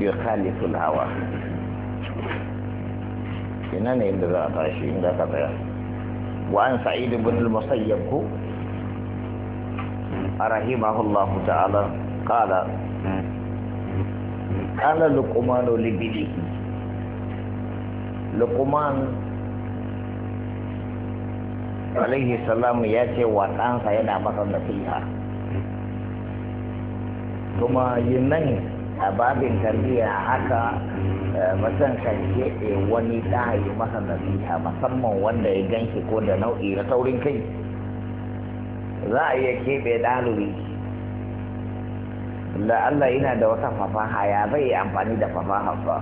yukhalifu hawa ina ne za a tashi inda ka tsaya wa an sa'id ibn al-musayyib ku rahimahu Allah ta'ala qala kana luqman li bidihi luqman alaihi ya ce wa yana masa nasiha kuma yin nan a babin tarbiyya haka eh, mutum kan keɓe wani ɗayi masa nasiha musamman wanda ya ganshi ko da nau'i na taurin kai za a iya keɓe ɗalibi Allah yana da wata fafaha ya zai yi amfani da fafaha fa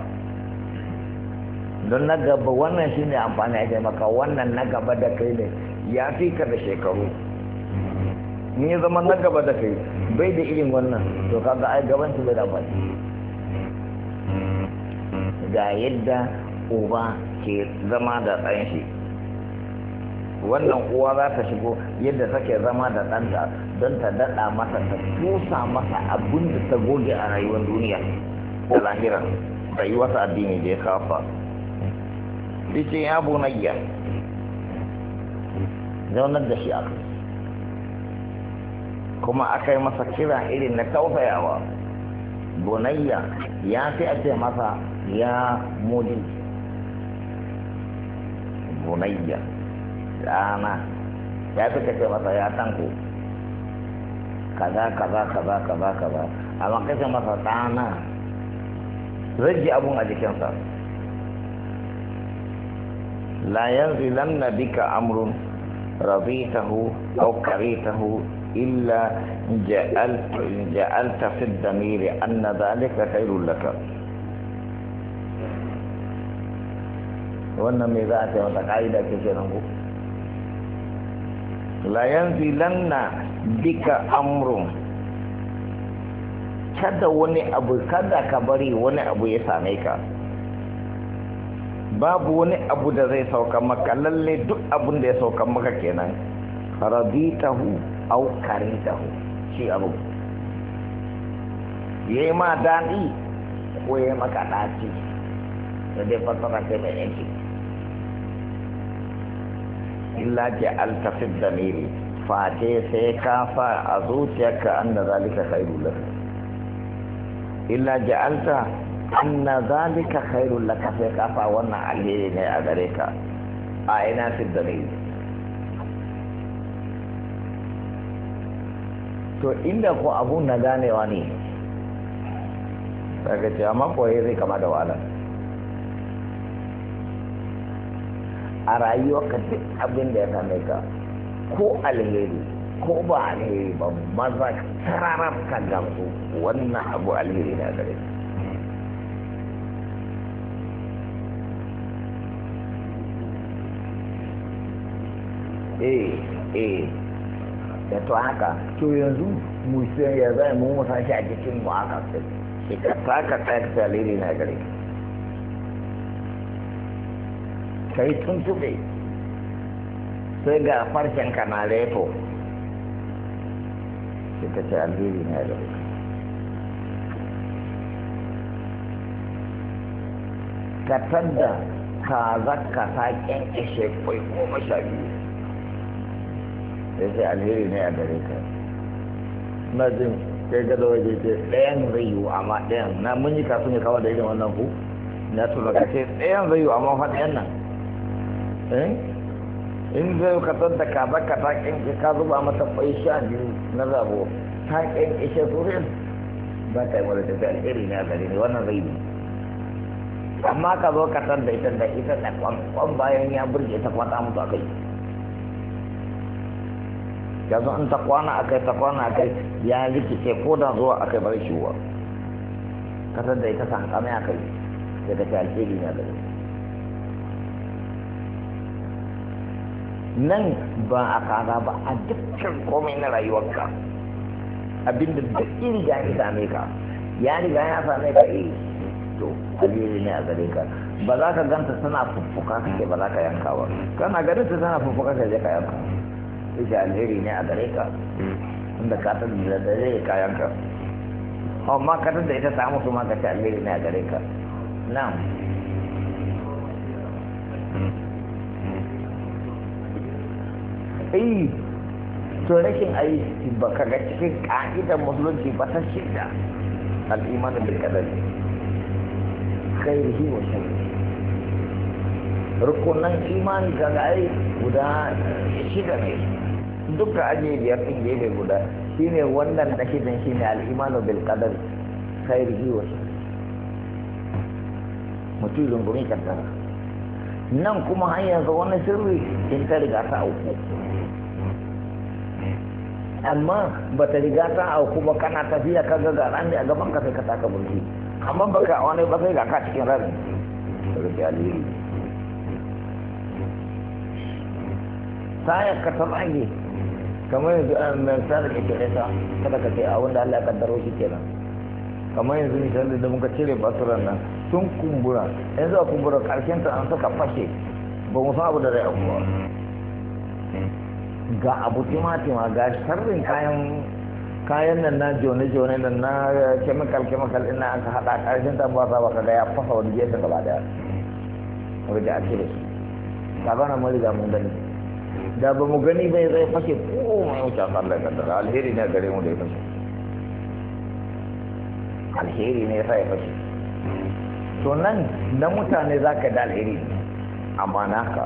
don na gaba wannan shi ne amfani ya maka wannan na gaba da kai ne ya fi ka da shekaru ni zama na gaba da kai bai da irin wannan to kaga ai gaban su da ba ga yadda uba ke zama da ɗan wannan uwa za ta shigo yadda take zama da ɗanta don ta daɗa masa ta tusa masa abin da ta goge a rayuwar duniya da lahira rayuwarsa addini da ya kafa yace ya bunayya zaunar da shi a kai kuma aka yi masa kira irin na tausayawa bunayya ya fi ake masa ya muli bunayya ɗana ya fi ce masa ya tanko kaza kaza kaza kaza kaza amma kashe masa ɗana rage abun a jikinsa la yanzu lam rabi bika amrun rabitahu ta hu. إلا جعلت, جعلت في الضمير أن ذلك خير لك وأن ميزات وتقايدة كثيرا لا ينزلن بك أمر kada wani abu kada ka bari wani abu ya same ka babu wani abu da zai sauka maka lalle duk abin da ya sauka maka kenan hu. au karitahu shi abu yayi ma daɗi ko yayi maka daci da dai fasara kai mai yanki illa ji altafid da miri fate sai ka fa a zuciyarka an da zalika khairu lak illa ja alta an na zalika khairu lak sai ka fa wannan alheri ne a gare ka a ina fi da to inda ko abun na ganewa ne daga ce amma koyi eh zai kama da wahala a rayuwa duk abin da ya same ka ko alheri ko ba alheri ba maza tararar ka gamsu wannan abu alheri na gare eh eh da to haka to yanzu mu sai ya zai mu mu shi a cikin mu aka sai shi ka taka tsayar jariri na gare kai tube sai ga farshen ka na reto shi ka ce alheri na gare ka tadda ka zakka ta kyan ishe kwai goma ya ce alheri ne a gare ka na jin kai gada waje ce ɗayan zai yiwu amma ɗayan na mun yi kasu ne kawo da irin wannan ku na tuna ka ce ɗayan zai yiwu amma fa ɗayan nan eh? in zai ka da kaza ka ta ƙinƙi ka zuba mata ƙwai sha biyu na zabo ta ƙinƙi shi turin ba ka yi wadda ta alheri ne a gare ne wannan zai yi amma ka zo ka da ita da ita da kwan bayan ya burge ta kwata mutu a kai yanzu an ta kwana a kai ta kwana a kai ya ce ko da zuwa kai bar shiwa kasar da ita san kame kai sai ka ce alheri na gari nan ba a kaza ba a dukkan komai na rayuwarka abinda da iri ya same ka ya riga ya same ka eh to alheri ne a gare ka ba za ka ganta tana fuffuka kake ba za ka yanka ba kana ganin ta tana fuffuka kake ka yanka da alheri ne a gare ka inda ka ta da dare oh, kayan ka amma ka ta da ita ta mutu ma ka ta alheri ne a gare ka na'am hmm. eh to rashin ayi ba ka ga cikin ka'idar musulunci ba ta shida al'imanu bil qadar khairihi wa sharrihi rukunan imani kaga ai guda shida ne Duk da aje biyar ɗin ya guda ne wannan da shi ne al'imanu bil qadari khairihi wa mutum rungumi kaddara nan kuma har yanzu wani sirri in ta riga ta auku amma ba ta riga ta auku ba kana tafiya ka ga ga rami a gaban ka sai ka taka mulki amma baka wani ba sai ga ka cikin rami rike alheri sayar ka ta tsage kamar yanzu an um, mai sayar da ke nesa kada ka ce a wanda Allah ya kaddaro shi kenan kamar yanzu misali da muka cire basuran nan sun kumbura yanzu a kumbura karshen ta an saka fashe ba mu san abu da zai abuwa ga abu timatima ga sharrin kayan kayan nan na jone-jone nan na kemikal-kemikal ina an ka haɗa karshen ta ba ka ga ya fasa wani gefe gaba daya wajen ake da su ta zana mun riga mun gani da ba mu gani bai zai fashe ko mai wuce Allah ka da alheri ne gare mu da ya fashe alheri ne ya ya fashe to nan na mutane za ka da alheri amma ka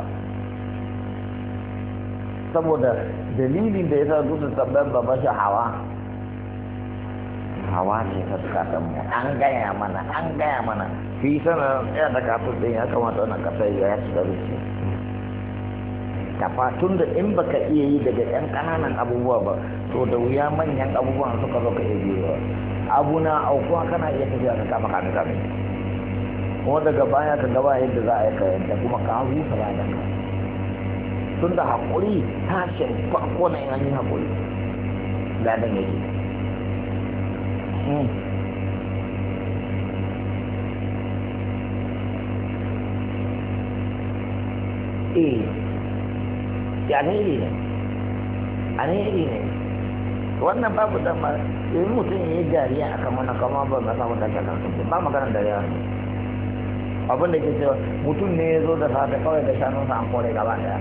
saboda dalilin da ya sa zuwa sabbin ba bashi hawa hawa ne fuskatan mu an gaya mana an gaya mana fi sanar ya da kafin ya kamata wannan kasa ya shiga zuciya tafa tun da in baka iya yi daga ɗan ƙananan abubuwa ba to da wuya manyan abubuwan suka zo ka iya biyowa abu na aukuwa kana iya tafiya ka kama kanu kame kuma daga baya ka gaba yadda za a yi kayan kuma ka huta bayan ka tun da haƙuri tashin farko na yin hanyar haƙuri da dan yake hmm. eh ya alheri ne alheri ne wannan babu dama yin mutum ya yi dariya a kama na kama ba ba samun daga kan ba maganar dariya abin da ke cewa mutum ne ya zo da sa da kawai da sa an kore gaba daya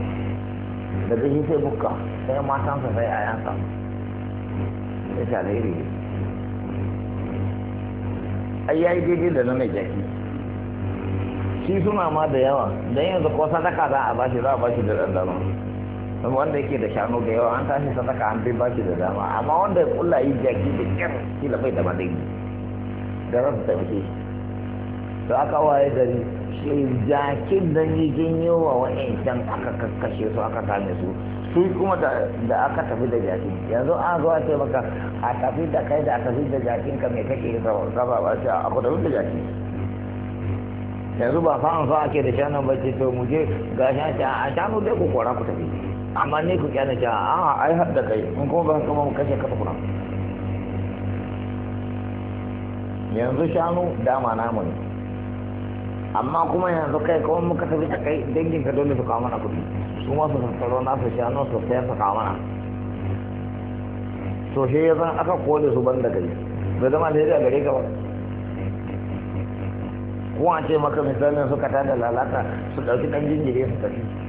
da shi sai bukka sai matansa sai a yansa ya ce alheri ne ai ya yi daidai da na mai jaki shi suna ma da yawa don yanzu ko sadaka za a bashi za a bashi da ɗan wanda yake da shanu da yawa an tashi saka an ba baki da dama amma wanda ya kula yi jaki da kyan kila bai da madani da rasu ta fice da aka waye gari shi jakin nan yi yawa wa can aka kakkashe su aka kame su su kuma da aka tafi da jakin yanzu an zo a ce maka a tafi da kai da a tafi da jakin ka mai kake saba ba shi a ku tafi da jakin yanzu ba fa'an an fa da shanun ba ce to mu je ga a shanu dai ku kora ku tafi amma ne ku kyana ja a ai yi da kai in kuma ba kuma mu kashe kafa kuna yanzu shanu dama namu ne amma kuma yanzu kai kuma muka tafi da kai dangin ka dole su kawo mana kuɗi su ma su sassaro na su shanu su sayar su kawo mana to shi ya zan aka kone su ban da gari bai zama da ya gare ka ba ko an ce maka misalin suka tada lalata su ɗauki ɗan jinjiri su tafi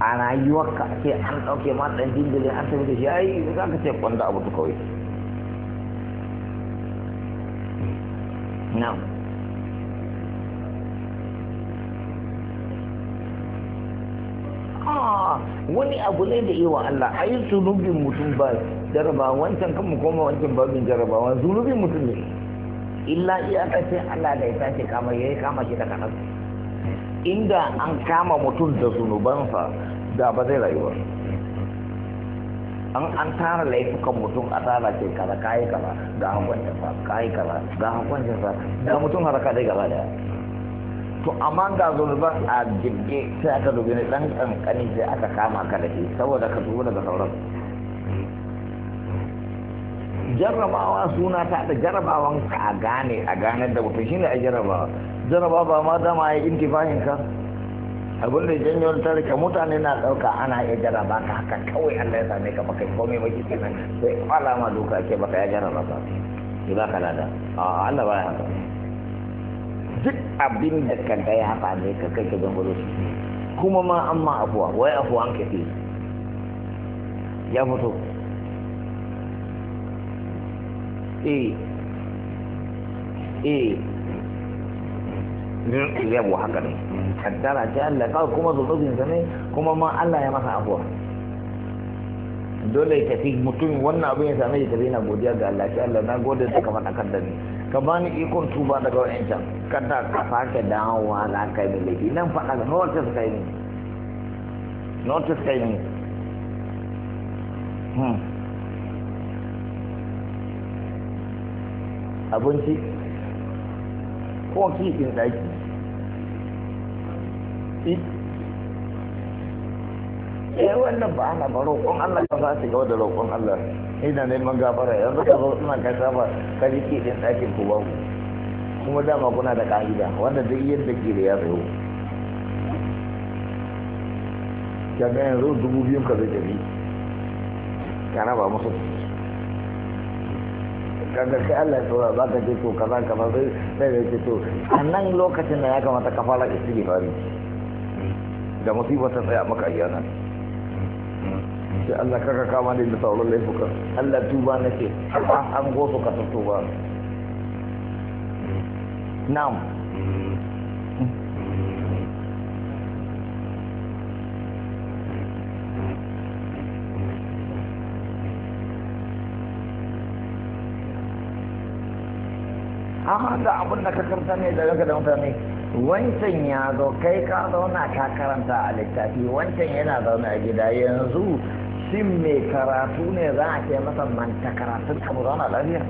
a rayuwarka a ce an ɗauke ma ɗan dindirin an tafi da shi ai za ka ce kwanda abu ta kawai na'am ah, wani abu ne da yawa Allah ayi yi zunubin mutum ba jaraba wancan kan mu koma wancan babin jarabawa zunubin mutum ne illa iya ta ce Allah da ya tashi kama ya yi kama shi daga kanan inda an kama mutum da zunubansa da ba zai rayuwa an an tara laifukan mutum a tara ce kaza kayi kaza ga hakwancin sa kayi kaza ga hakwancin sa ga mutum haraka dai gaba daya to amma ga zunuban a jirge sai aka dubi ne dan kankani sai aka kama ka da shi saboda ka dubi daga sauransu jarrabawa suna ta da jarrabawan ka a gane a ganar da mutum shine a jarrabawa jarrabawa ba ma dama ya intifahin ka abin da janyo ta rike mutane na ɗauka ana iya jarraba ka haka kawai Allah ya same ka baka komai ba ki kenan sai kwala ma doka ke baka ya jarraba ba ki ba ka lada a Allah ba ya haka duk abin da ka ga ya haka ne ka kai ka gangaro shi kuma ma amma afuwa wai afuwa an kafi ya fito eh eh yabo haka ne kaddara ta Allah kawai kuma zuzubinsa ne kuma ma Allah ya masa abuwa dole ya tafi mutum wannan abin ya same shi tafi yana godiya ga Allah shi Allah na gode da kamar na kadda ne ka bani ikon tuba daga wa'ancan kada ka sake dawowa na kai mai laifi nan faɗa ga notice kai ne notice kai ne abinci ko kifin ɗaki eh. eh wannan ba ana ba roƙon Allah ka fasa yau da roƙon Allah ina neman gafara yanzu ka zo ina ka saba ka ji kifin ɗakin ku babu kuma dama kuna da ƙa'ida wanda duk yadda ke da ya ga yanzu dubu biyun ka zai tafi kana ba musu kaga Allah ya tsora ka ce to kaza kaza sai sai ya ce to a nan lokacin da ya kamata ka fara istighfari da musibar tsaya maka ayyana sai Allah kaka kama da sauran laifuka Allah tuba ke, an goso ka tuba na'am amma da abin da ka karanta ne da daga da mutane wancan ya zo kai ka zauna ka karanta a littafi wancan yana zaune a gida yanzu shin mai karatu ne za a ce masa manta karatun ka mu zauna lafiya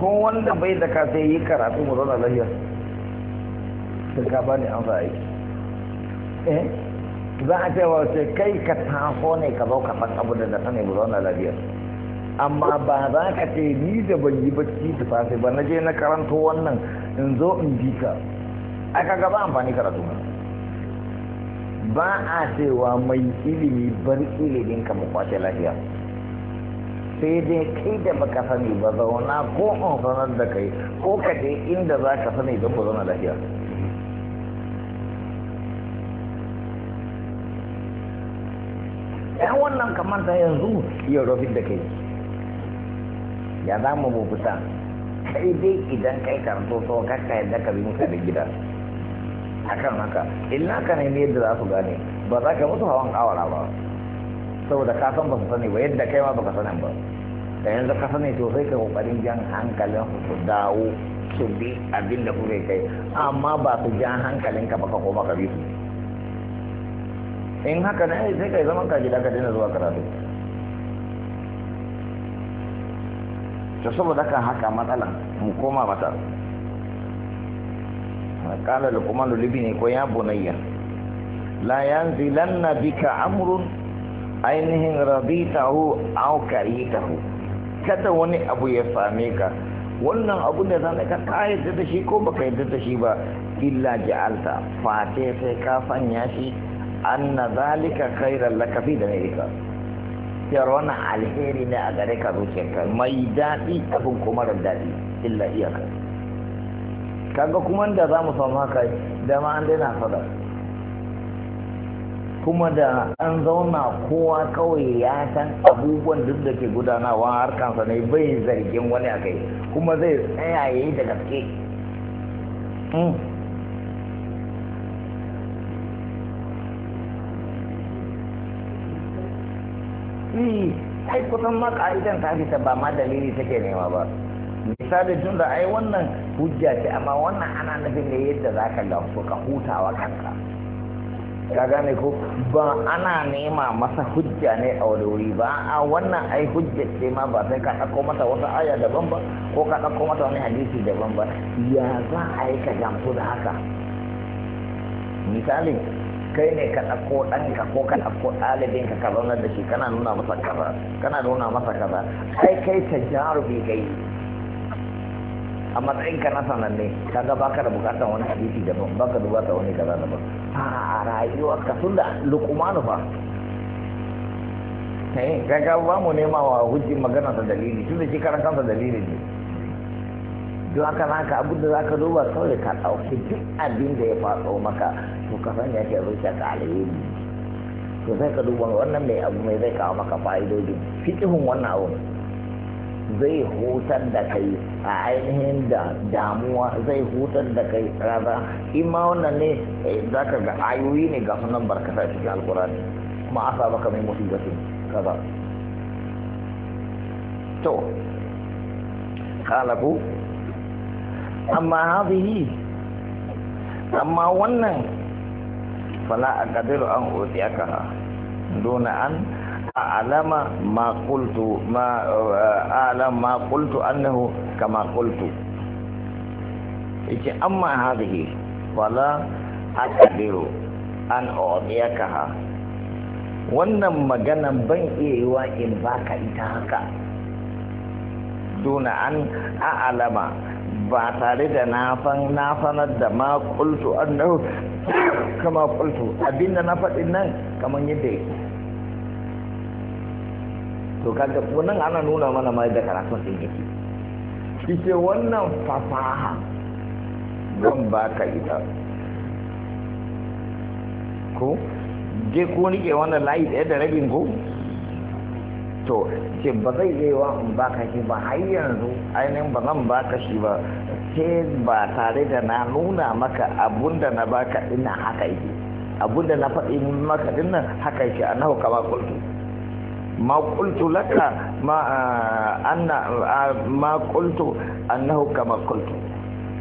ko wanda bai da ka sai yi karatu mu zauna lafiya sai ka bani an ra'ayi eh za a ce wa sai kai ka taho ne ka zo ka faɗa abu da ta sani mu zauna lafiya amma ba za ka ce ni da ban yi bacci da safe ba na je na karanta wannan in zo in bi ka A kaga ba amfani karatu ba a cewa mai ilimi bar ilimin ka lafiya sai dai kai da baka sani ba zauna ko in sanar da kai ko ka je inda za ka sani don ba zauna lafiya yan wannan kamar ta yanzu ya rufin da kai ya za mu bubuta kai dai idan kai karanto to kakka yadda ka bi mutane gida akan haka illa ka ne yadda za su gane ba za ka musu hawan kawara ba saboda ka san ba su sani ba yadda kai ma ka sanin ba da yanzu ka sani to sai ka kokarin jan hankalin su dawo su bi abin da kuke kai amma ba su jan hankalin ka ka koma ka bi su in haka ne sai kai zaman ka gida ka dena zuwa karatu da saboda ka haka matsalan mu koma mata kuma lulubi ne ko ya bunayya la yanzilanna bika amrun ainihin raditahu aw hu. kada wani abu ya same ka wannan abu ne zan ka kayyade da shi ko baka yadda da shi ba illa ja'alta fate sai ka fanya shi anna zalika khairan laka fi dunyaka cewar wannan alheri ne a gare ka ka mai daɗi abin kuma da daɗi illa iyaka kaga kuma da za mu samu haka da ma an daina fada kuma da an zauna kowa kawai ya san abubuwan duk da ke gudanawa kansa ne bai zargin wani a kai kuma zai tsaya yayi da gaske hmm. Hmm. ai kusan ma ka'idan ta fita ba ma dalili take nema ba misali tun da ai wannan hujja ce amma wannan ana nufin ne yadda za ka gamsu ka hutawa kanka ka gane ko ba ana nema masa hujja ne a wuri ba a wannan ai hujja ce ma ba sai ka ɗauko mata wata aya daban ba ko ka ɗauko mata wani hadisi daban ba ya za a yi ka gamsu da haka misali kai ne ka ɗauko ɗanka ko ka ɗauko ɗalibinka ka zaunar da shi kana nuna masa kaza kana nuna masa kaza kai kai ta jarubi kai a matsayin ka na sananne kaga baka da bukatar wani hadisi daban baka da bukatar wani kaza daban a rayuwar ka tunda lukumanu fa eh ga ba mu nema wa hujji magana da dalili da shi karan kansa dalili ne don haka naka abin da za ka duba kawai ka ɗauki duk abin da ya faɗo maka to ka sanya shi zuciya ka alheri to sai ka duba wannan mai abu mai zai kawo maka fa'idoji fiƙihun wannan abu zai hutar da kai a ainihin da damuwa zai hutar da kai raza in ma wannan ne eh, za ka ga ayoyi ne ga sunan barkata cikin alkurani kuma asa baka mai musibatin kaza to ku. amma hadhihi amma wannan fala aqdiru an ha duna an a'lama ma qultu ma a'lam ma qultu annahu kama qultu yace amma hadhihi fala aqdiru an ha wannan magana ban iya yiwa in baka ita haka duna an a'lama ba tare da na sanar da ma kultu annahu kama kultu abinda na faɗin nan kamar yadda yake to kaga wannan ana nuna mana ma da karatun din yake kike wannan fasaha zan baka ita ko je ko nike wannan layi ɗaya da rabin ko to ce ba zai yi wa in baka shi ba har yanzu ainihin ba zan baka shi ba ke ba tare da na nuna maka abun da na baka ina haka yake abun da na faɗi maka dinnan haka yake a nahu kama kultu ma kultu laka ma eh, anna eh, ma kultu annahu kama kultu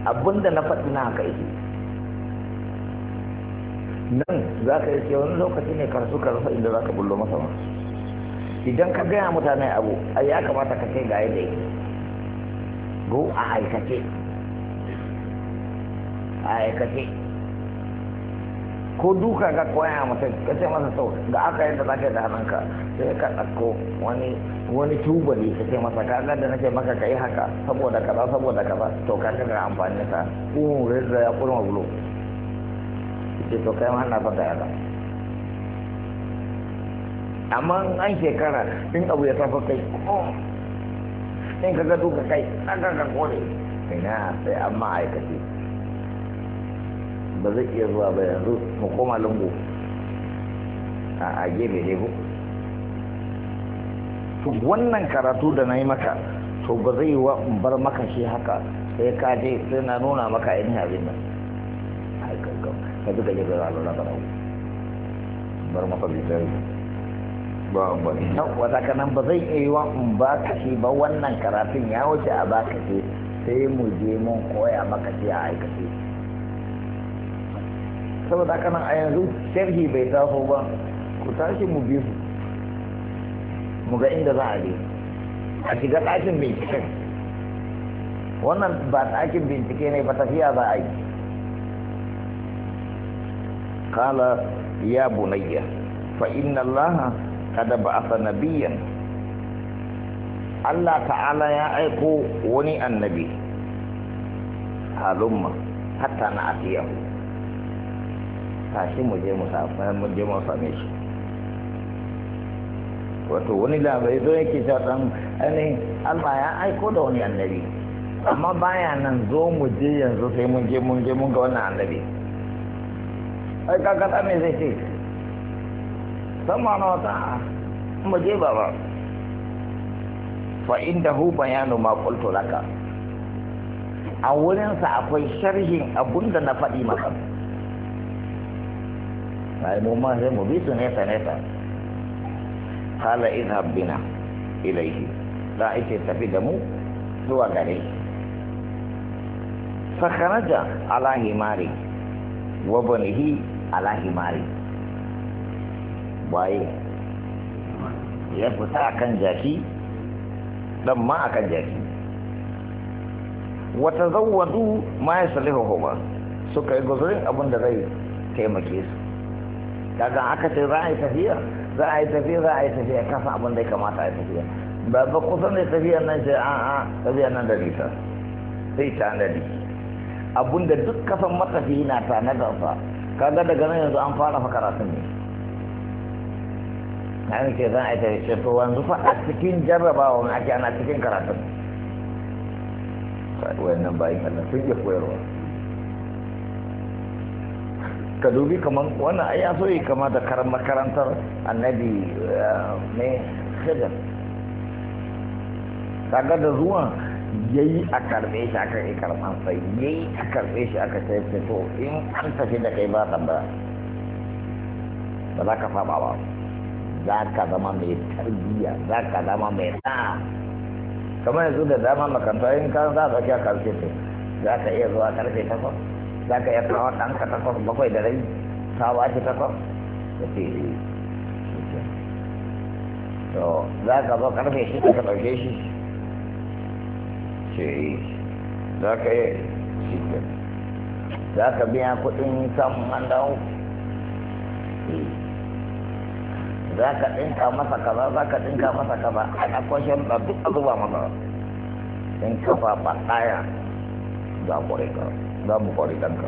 abun da na faɗi na haka yake nan za ka yi wani lokaci ne karsu karsu inda za ka bullo masa masu idan ka gaya mutane abu a ya kamata ka ce ga yadda yake go a aikace a aikace ko duka ga koya mutum ka ce masa sau ga aka yadda za ka yi da hannunka sai ka ɗauko wani wani tubali ka ce masa ka da nake maka ka yi haka saboda kaza saboda kaza to ka ga amfani ta kuma rizda ya kurma bulo ce to kai ma na fata ya amma an shekara in abu ya tafi kai in ka ga duka kai an ka kore ina sai an ma'aikaci ba zai iya zuwa ba yanzu mu koma lungu a gefe mai ku to wannan karatu da na yi maka to ba zai yi wa in bar maka shi haka sai ka je sai na nuna maka yin abin nan a aikakkan ka duka gefe da alwala ba bar maka bisari ba an ba ba zai iya yiwa in ba ka shi ba wannan karatun ya wuce a ba ka shi sai mu je mun koya maka shi a aikace saboda kanan a yanzu sharhi bai taho ba ku tashi mu bi mu ga inda za a je a shiga ɗakin binciken wannan ba ɗakin bincike ne ba tafiya za a yi kala ya bunayya fa inna allaha kada ba asa nabiyan Allah ta'ala ya aiko wani annabi halumma hatta na atiyahu tashi mu je mu mu je mu same shi wato wani labari zo yake cewa dan ne Allah ya aiko da wani annabi amma baya nan zo mu je yanzu sai mun je mun je mun ga wannan annabi ai kaga dan me zai ce sama wata mu je ba ba fa indahu bayanu ma qultu laka a wurinsa akwai sharhin abun da na faɗi maka sai mu ma sai mu bi su nesa nesa kala izhab bina ilaihi da ake tafi da mu zuwa gare fakaraja ala himari wa banihi ala himari waye ya fita a kan jaki ɗan ma kan jaki wata zawwadu ma ya salihu hukuma suka yi guzurin abin da zai taimake su daga aka ce za a yi tafiya za a yi tafiya za a yi tafiya kasa abin da ya kamata a yi tafiya ba ba kusan da tafiya nan ce a a tafiya nan da nisa sai tanadi abin da duk kasan matafi na tanadarsa kaga daga nan yanzu an fara fa karatun ne na ce zan aita da to wanzu fa a cikin jarrabawa ake ana cikin karatun wayannan bayan Allah sun iya koyarwa ka dubi kamar wannan ai so yi kama da karan makarantar annabi eh, ne hijir kaga da zuwa yi a karbe shi aka yi karban sai yi a karbe shi aka sai to in an tafi da kai ba ta ba za ka fa ba za ka zama mai tarbiyya za ka zama mai ɗa kamar yanzu da dama makaranta yin kan za a ɗauki a karfe ce za ka iya zuwa karfe takwas za ka iya kawo ɗanka takwas bakwai da rai sawa ce takwas da ce to za ka zo karfe shi ka ɗauke shi ce eh, za ka iya shi za ka biya kuɗin kan mandawo eh. za ka ɗinka masa kaza za ka ɗinka masa kaza a ɗakon sharuɗa duk a zuba masa in kafa ba ɗaya za kwarai ka za mu kwarai ɗanka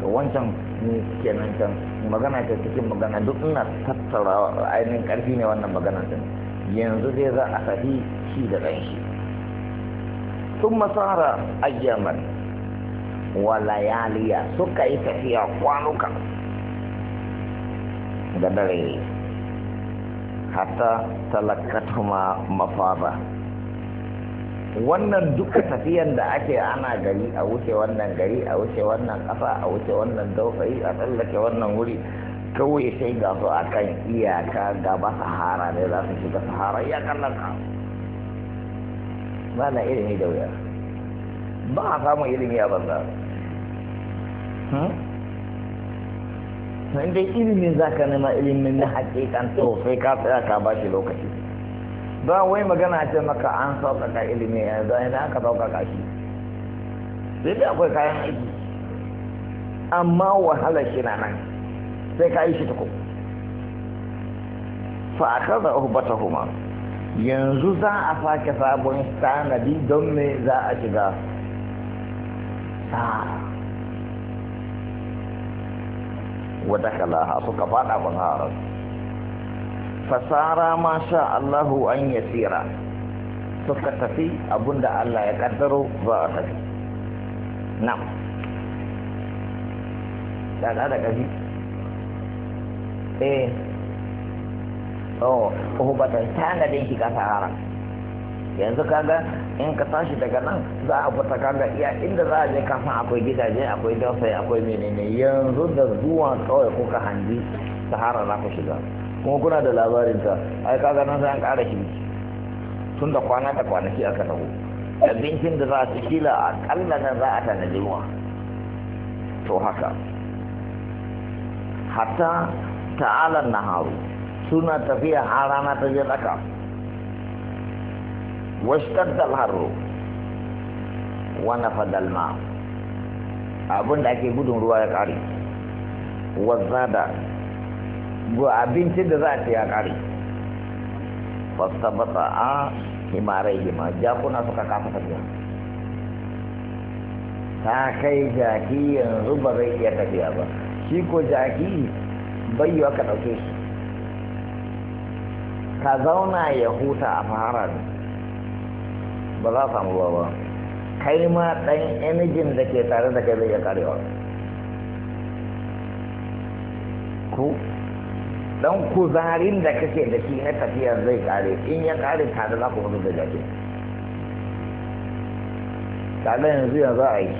to wancan ni nan can magana ta cikin magana duk ina tattara ainihin ƙarfi ne wannan magana din yanzu dai za a sahi shi da ɗan shi sun masara ajiyar wa layaliya suka yi tafiya kwanuka da dare eh, hatta talakatuma mafaba wannan duka tafiyan da ake ana gari a wuce wannan gari a wuce wannan kafa a wuce wannan daukari a tsallake wannan wuri kawai sai ga su a kan iyaka gaba sahara ne za su shiga sahara iyakan nan ba na ilimi da wuya ba a samun ilimi a banza hmm? in dai ilimin za ka nema ilimin na hakikan to sai ka tsaya ka ba shi lokaci ba wai magana ce maka an sauƙaƙa ilimi yanzu an aka sauƙaƙa shi sai dai akwai kayan aiki amma wahalar shi na nan sai ka yi shi tuku fa akaza uhbatahuma yanzu za a sake sabon sanadi don me za a shiga sa'a wata kalaha suka fada bazarar fasara ma sha Allahu an yasira suka tafi abinda Allah ya kaddaro ba a tafi na'am da da kaji eh oh ko ba ta tana da shi ka sahara yanzu kaga in ka tashi daga nan za a fita kaga iya inda za a je kafin akwai gidaje akwai dausayi akwai menene yanzu da zuwa kawai ko ka hanji sahara za ku shiga kuma kuna da labarin ta ai kaga nan sai an ƙara shi tun da kwana da kwanaki aka taho abincin da za a ci kila kalla nan za a tanadi wa to haka hatta ta'ala naharu suna tafiya har rana ta je tsaka واشتد الحر ونفد الماء abin da ake gudun ruwa ya ƙare wazzada abincin da za a ce ya ƙare fasabata a himarai hima jakuna suka kafa tafiya ta kai jaki yanzu ba zai iya tafiya ba shi ko jaki bai yiwa ka ɗauke shi ka zauna ya huta a fahara ne ba za a samu ba ba kai ma ɗan enijin da ke tare da kai zai iya karewa ku dan kuzarin da kake da shi na tafiya zai kare in ya kare tare za ku mutu da jake tare yanzu yanzu a yi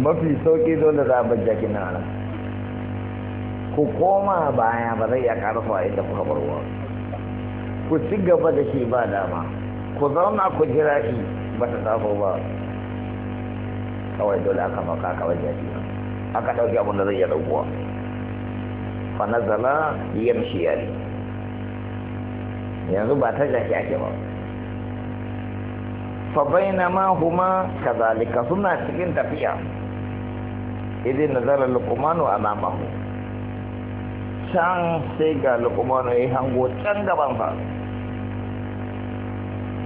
mafi sauki dole za a bar ki nan nan ku koma baya ba zai iya karfa inda kuka barwa ku ci gaba da shi ba dama ku zauna ku jira shi ba ta safo ba kawai dole aka maka kawai jaji aka ɗauki abin da zai iya ɗaukuwa fa nazala yamshi yari yanzu ba ta jaki ake ba fa mahuma huma kazalika suna cikin tafiya idan nazara a namahu can sai ga lukumanu ya hango can gaban fa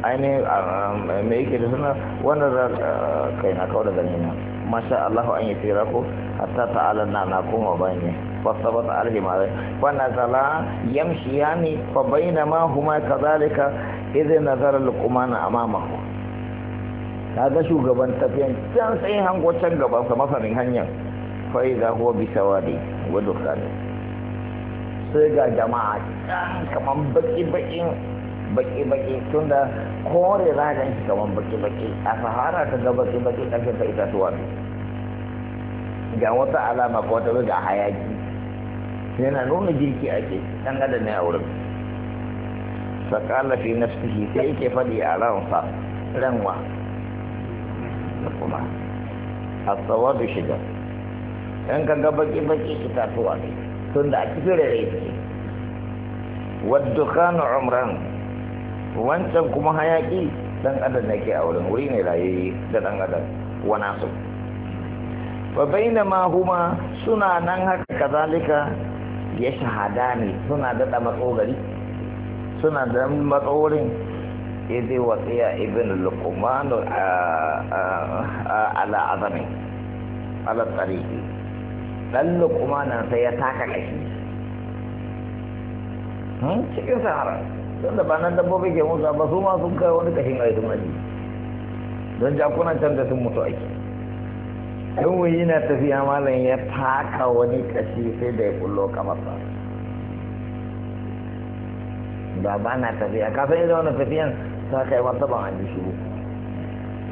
Aini ah, ah, mai yake da suna wanda za ah, kai na kawo da gani na masha Allah an yi tsira ko hatta ta'ala na na koma bane fasabat alhimare wa nazala yamshi yani fa bainama huma kadhalika idh nazara luqmana amamahu ga shugaban tafiyan can sai hango can gaban sa masanin hanyar Fa'iza ko huwa bi sawadi wa sai ga jama'a can kamar baki bakin baki-baki tun da kore ragan shi kamar baki-baki a sahara ta ga baki-baki ƙarfin ta itatuwa ne ga wata alama ko ta ga hayaki yana nuna girki ake ɗan adam ne a wurin sakala fi nafsihi sai yake faɗi a ransa ranwa da kuma a tsawa da shiga ɗan ka ga baki-baki itatuwa ne tun da a cikin rere suke wadda kanu umran wancan kuma hayaki dan adam da ke a wurin wuri ne rayayye da dan adam wana su fa bainama huma suna nan haka kazalika ya shahada ne suna daɗa matsogari suna da matsorin idai wasiya ibn luqman ala azami ala tsariki dan luqman sai ya taka kashi hmm? cikin sahara tunda ba nan dabbobi ke musa ba su ma sun kai wani kashin aikin aji don jakuna can da sun mutu aiki don wuyi na tafiya malam ya taka wani kashi sai da ya kullo kamar ba da ba na tafiya ka san irin wani tafiyan ta kai wata ban an ji shiru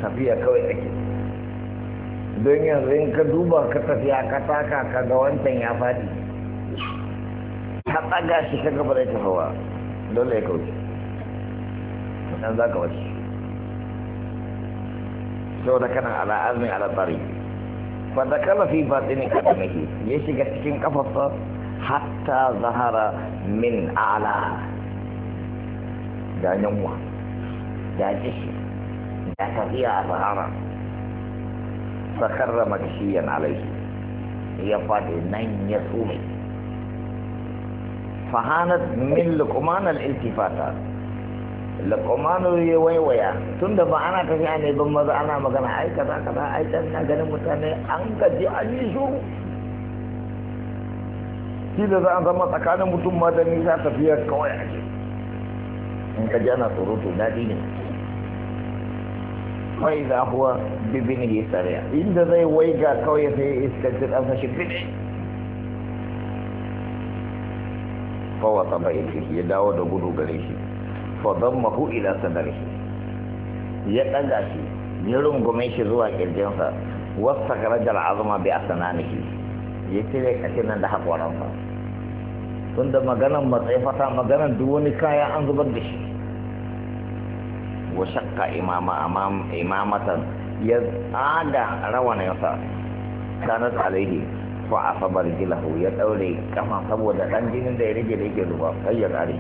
tafiya kawai ake don yanzu in ka duba ka tafiya ka taka ka ga wancan ya faɗi ka tsaga shi ka gaba da tafawa dole ya kauce dan za ka wace sau da kanan ala azmin ala tsari fadda kala fi batini kadamihi ya shiga cikin kafafa hatta zahara min ala da yunwa da jishi da tafiya a zahara. sakarra makishiyan alaihi ya faɗi nan ya sume فهانت من لقمان الالتفاتات لقمان ويوي ويا تند ما انا كفي اني بمضى انا مغنى اي كذا كذا اي تنى غني متاني انك جي اجيشو كيدا ذا انت ما تكان متم مدني ذا تفيا كوي اجي انك جي انا تروتو نادين فإذا هو ببنه سريع إن ذا ويقا كوي في إسكتر أفشي ببنه fawata baitihi ya dawo da gudu gare shi fa dammahu ila shi ya daga shi ya rungume shi zuwa kirjinsa wasta garajar azuma bi shi ya cire kashin nan da haƙoransa tun da maganan matsayafata maganan duk wani kaya an zubar da shi wa shakka imama imamatan ya tsada rawaninsa kanat alaihi fa asaba rijlahu ya daure kama saboda dan jinin da ya rage da yake zuba sai ya kare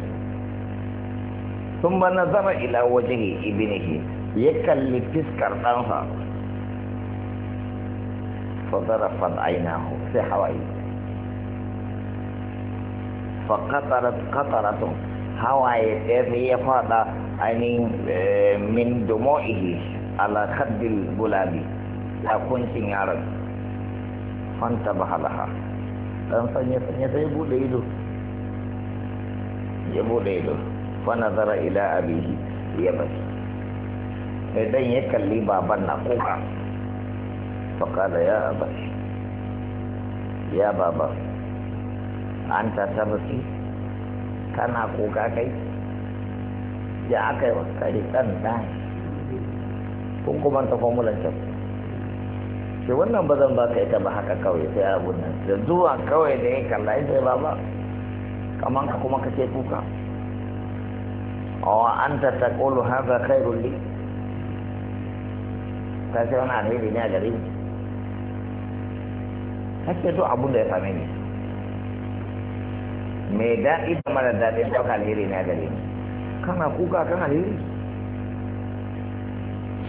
thumma nazara ila wajhi ibnihi ya kalli fiskar ɗansa fa zarafat aynahu sai hawaye fa qatarat qataratu hawaye sai ya fada ainihin min dumu'ihi ala khaddil gulabi a kuncin yaron fanta bahalaha dan sanya sanya sai bude ido ya bude ido fa nazara ila abihi ya bari idan ya kalli baban na kuka fa ya abashi ya baba an ta tabbaci kana kuka kai ya aka yi wa kare ɗan dan kun kuma ta formulan can ce wannan ba zan baka ita ba haka kawai sai abu nan da zuwa kawai da ya kalla ya sai baba kaman ka kuma kake kuka awa an ta ta kolo haza kai rulli ta ce wani alheri ne a gare ni kake to abun da ya same ni mai daɗi da mara daɗi ɗauka alheri ne a gare ni kana kuka kan alheri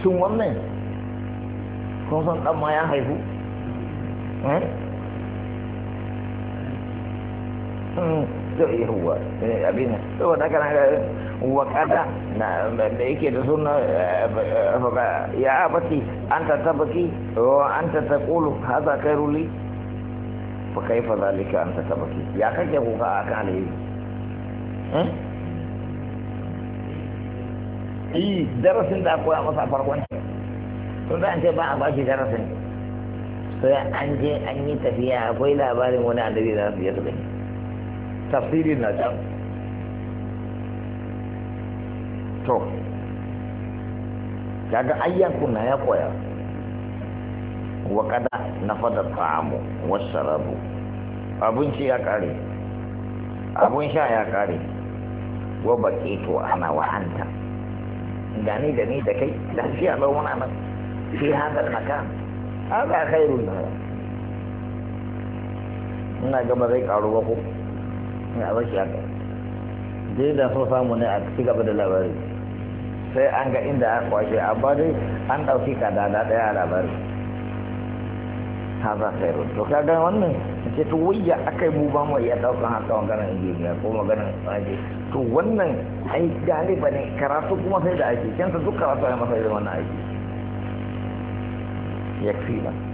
sun wannan kun san ɗan ma ya haihu eh? hmm, yawwa eh, kana ga eh, na da yake da suna ya abati an ta tabaki an ta fa zalika an ta tabaki ya kake kuka a kan darasin da akwai a masa farkon tun da an ce ba a bashi darasin sai an je an yi tafiya akwai labarin wani annabi da su yadda gani tafsirin na can to kaga ayyan na ya koya wa kada na fada ta'amu wasu abinci ya kare abun sha ya kare wa baƙi to ana wa'anta. gani da ni da kai lafiya lau wani nan في هذا المكان هذا خير لها ina gaba zai karu ba ko ina ba shi haka dai da so samu ne a ci gaba da labari sai an ga inda aka kwashe amma dai an ɗauki kadada ɗaya a labari haza khairu to kaga wannan ce to wayya akai mu ba mu iya daukan haka maganar injiniya ko maganar tsaje to wannan ai galiba ne karatu kuma sai da aiki kanta duk karatu ya masa irin aiki يكفينا